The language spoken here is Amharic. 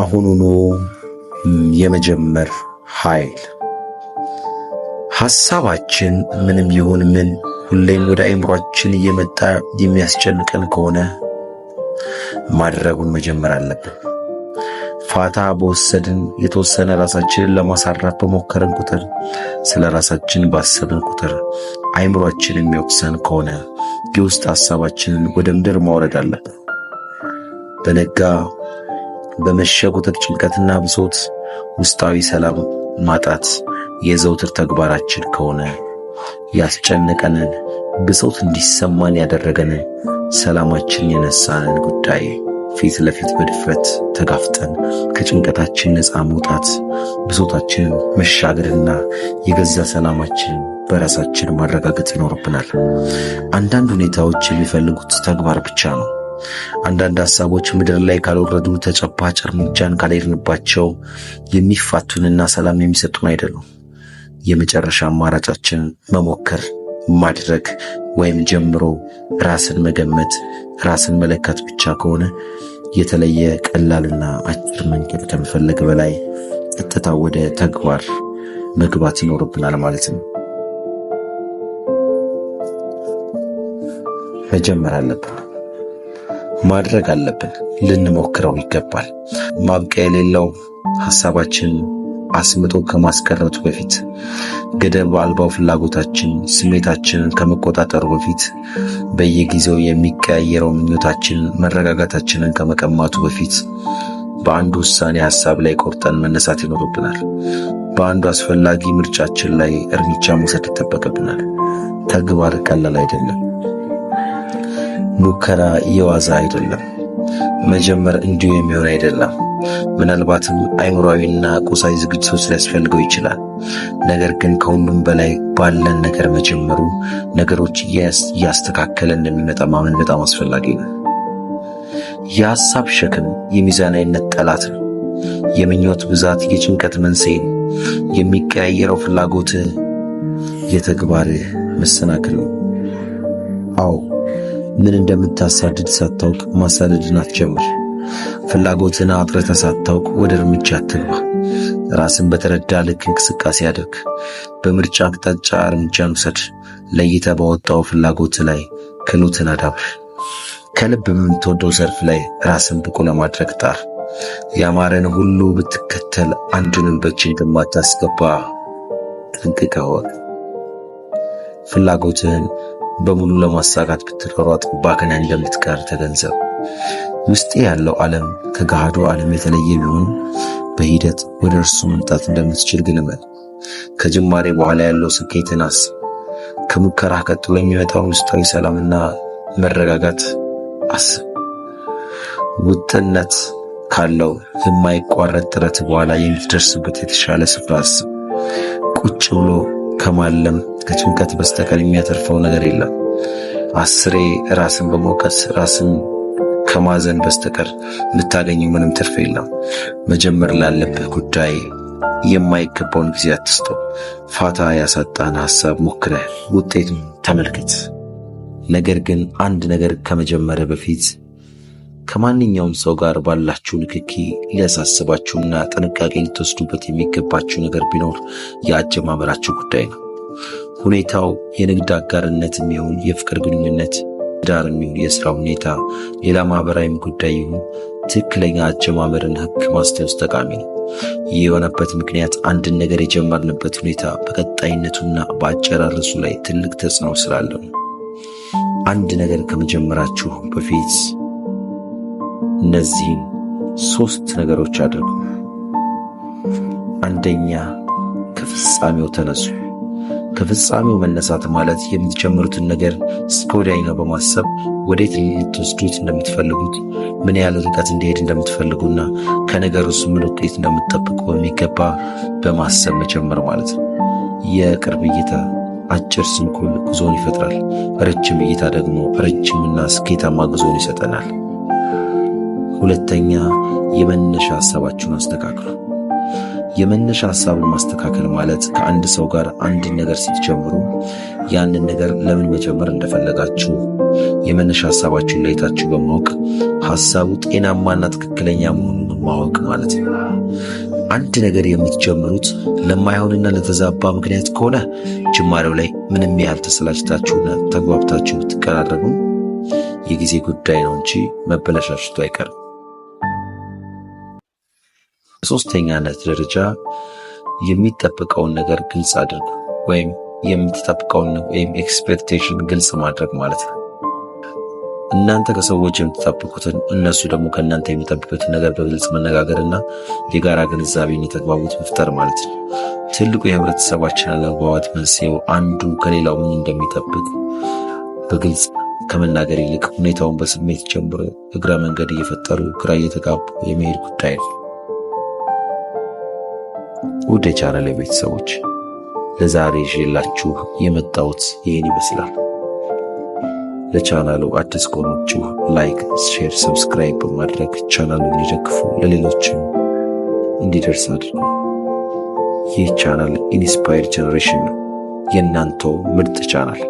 አሁኑኑ የመጀመር ኃይል ሐሳባችን ምንም ይሁን ምን ሁሌም ወደ አእምሯችን እየመጣ የሚያስጨንቀን ከሆነ ማድረጉን መጀመር አለብን። ፋታ በወሰድን የተወሰነ ራሳችንን ለማሳረፍ በሞከረን ቁጥር ስለ ራሳችን ባሰብን ቁጥር አእምሯችን የሚወቅሰን ከሆነ የውስጥ ሐሳባችንን ወደ ምድር ማውረድ አለብን። በነጋ በመሸጎተት ጭንቀትና ብሶት ውስጣዊ ሰላም ማጣት የዘውትር ተግባራችን ከሆነ ያስጨነቀንን ብሶት እንዲሰማን ያደረገንን ሰላማችን የነሳንን ጉዳይ ፊት ለፊት በድፍረት ተጋፍጠን ከጭንቀታችን ነፃ መውጣት ብሶታችንን መሻገርና የገዛ ሰላማችን በራሳችን ማረጋገጥ ይኖርብናል። አንዳንድ ሁኔታዎች የሚፈልጉት ተግባር ብቻ ነው። አንዳንድ ሀሳቦች ምድር ላይ ካልወረዱ ተጨባጭ እርምጃን ካልሄድንባቸው የሚፋቱንና ሰላም የሚሰጡን አይደሉም። የመጨረሻ አማራጫችንን መሞከር፣ ማድረግ ወይም ጀምሮ ራስን መገመት፣ ራስን መለካት ብቻ ከሆነ የተለየ ቀላልና አጭር መንገድ ከመፈለግ በላይ ቀጥታ ወደ ተግባር መግባት ይኖርብናል ማለት ነው። መጀመር አለብን። ማድረግ አለብን፣ ልንሞክረው ይገባል። ማብቂያ የሌለው ሀሳባችን አስምጦ ከማስቀረቱ በፊት ገደብ አልባው ፍላጎታችን ስሜታችንን ከመቆጣጠሩ በፊት በየጊዜው የሚቀያየረው ምኞታችን መረጋጋታችንን ከመቀማቱ በፊት በአንዱ ውሳኔ ሀሳብ ላይ ቆርጠን መነሳት ይኖርብናል። በአንዱ አስፈላጊ ምርጫችን ላይ እርምጃ መውሰድ ይጠበቅብናል። ተግባር ቀላል አይደለም። ሙከራ የዋዛ አይደለም። መጀመር እንዲሁ የሚሆን አይደለም። ምናልባትም አይምሯዊና ቁሳዊ ዝግጅቶች ሊያስፈልገው ይችላል። ነገር ግን ከሁሉም በላይ ባለን ነገር መጀመሩ ነገሮች እያስተካከለ እንደሚመጣ ማመን በጣም አስፈላጊ ነው። የሐሳብ ሸክም የሚዛናዊነት ጠላት ነው። የምኞት ብዛት የጭንቀት መንስኤ ነው። የሚቀያየረው ፍላጎትህ የተግባርህ መሰናክል ነው። አዎ ምን እንደምታሳድድ ሳታውቅ ማሳደድን አትጀምር። ፍላጎትን አጥርተህ ሳታውቅ ወደ እርምጃ አትግባ። ራስን በተረዳ ልክ እንቅስቃሴ አድርግ። በምርጫ አቅጣጫ እርምጃን ውሰድ። ለይታ ባወጣው ፍላጎት ላይ ክህሎትን አዳብር። ከልብ በምትወደው ዘርፍ ላይ ራስን ብቁ ለማድረግ ጣር። ያማረን ሁሉ ብትከተል አንዱንም በእጅ እንደማታስገባ ጠንቅቀህ ፍላጎትህን በሙሉ ለማሳካት ብትሯሯጥ ባክና እንደምትቀር ተገንዘብ። ውስጤ ያለው ዓለም ከገሃዱ ዓለም የተለየ ቢሆን በሂደት ወደ እርሱ መምጣት እንደምትችል ግልመል። ከጅማሬ በኋላ ያለው ስኬትን አስብ። ከሙከራ ቀጥሎ የሚመጣውን ውስጣዊ ሰላምና መረጋጋት አስብ። ውጥነት ካለው የማይቋረጥ ጥረት በኋላ የምትደርስበት የተሻለ ስፍራ አስብ። ቁጭ ብሎ ከማለም ከጭንቀት በስተቀር የሚያተርፈው ነገር የለም። አስሬ ራስን በመውቀስ ራስን ከማዘን በስተቀር የምታገኘው ምንም ትርፍ የለም። መጀመር ላለብህ ጉዳይ የማይገባውን ጊዜ አትስጠው። ፋታ ያሳጣን ሀሳብ ሞክረህ ውጤቱን ተመልከት። ነገር ግን አንድ ነገር ከመጀመረ በፊት ከማንኛውም ሰው ጋር ባላችሁ ንክኪ ሊያሳስባችሁና ጥንቃቄ ልትወስዱበት የሚገባችሁ ነገር ቢኖር የአጀማመራችሁ ጉዳይ ነው። ሁኔታው የንግድ አጋርነት የሚሆን የፍቅር ግንኙነት፣ ዳር የሚሆን የስራ ሁኔታ፣ ሌላ ማህበራዊም ጉዳይ ይሁን ትክክለኛ አጀማመርን ህግ ማስታወስ ጠቃሚ ነው። ይህ የሆነበት ምክንያት አንድን ነገር የጀመርንበት ሁኔታ በቀጣይነቱና በአጨራረሱ ላይ ትልቅ ተጽዕኖ ስላለው ነው። አንድ ነገር ከመጀመራችሁ በፊት እነዚህን ሶስት ነገሮች አድርጉ። አንደኛ፣ ከፍጻሜው ተነሱ። ከፍጻሜው መነሳት ማለት የምትጀምሩትን ነገር እስከ ወዲያኛው በማሰብ ወዴት ልትወስዱት እንደምትፈልጉት ምን ያህል ርቀት እንዲሄድ እንደምትፈልጉና ከነገር ውስጥ ምን ውጤት እንደምትጠብቁ በሚገባ በማሰብ መጀመር ማለት ነው። የቅርብ እይታ አጭር ስንኩል ጉዞን ይፈጥራል። ረጅም እይታ ደግሞ ረጅምና ስኬታማ ጉዞን ይሰጠናል። ሁለተኛ የመነሻ ሀሳባችሁን አስተካክሉ። የመነሻ ሀሳብን ማስተካከል ማለት ከአንድ ሰው ጋር አንድ ነገር ስትጀምሩ ያንን ነገር ለምን መጀመር እንደፈለጋችሁ የመነሻ ሀሳባችሁን ለይታችሁ በማወቅ ሀሳቡ ጤናማና ትክክለኛ መሆኑን ማወቅ ማለት ነው። አንድ ነገር የምትጀምሩት ለማይሆንና ለተዛባ ምክንያት ከሆነ ጅማሬው ላይ ምንም ያህል ተሰላችታችሁና ተግባብታችሁ ብትቀራረቡ የጊዜ ጉዳይ ነው እንጂ መበለሻሽቱ አይቀርም። በሶስተኛነት ደረጃ የሚጠበቀውን ነገር ግልጽ አድርጉ ወይም የምትጠብቀውን ወይም ኤክስፔክቴሽን ግልጽ ማድረግ ማለት ነው። እናንተ ከሰዎች የምትጠብቁትን እነሱ ደግሞ ከእናንተ የሚጠብቁትን ነገር በግልጽ መነጋገርና የጋራ ግንዛቤን የተግባቡት መፍጠር ማለት ነው። ትልቁ የህብረተሰባችን አለመግባባት መንስኤው አንዱ ከሌላው ምን እንደሚጠብቅ በግልጽ ከመናገር ይልቅ ሁኔታውን በስሜት ጀምሮ እግረ መንገድ እየፈጠሩ ግራ እየተጋቡ የመሄድ ጉዳይ ነው። ውድ የቻናሌ ቤተሰቦች ለዛሬ ይዤላችሁ የመጣሁት ይህን ይመስላል። ለቻናሉ አዲስ ከሆናችሁ ላይክ፣ ሼር፣ ሰብስክራይብ በማድረግ ቻናሉን ይደግፉ፣ ለሌሎችም እንዲደርስ አድርጉ። ይህ ቻናል ኢንስፓየርድ ጀነሬሽን ነው፣ የእናንተው ምርጥ ቻናል።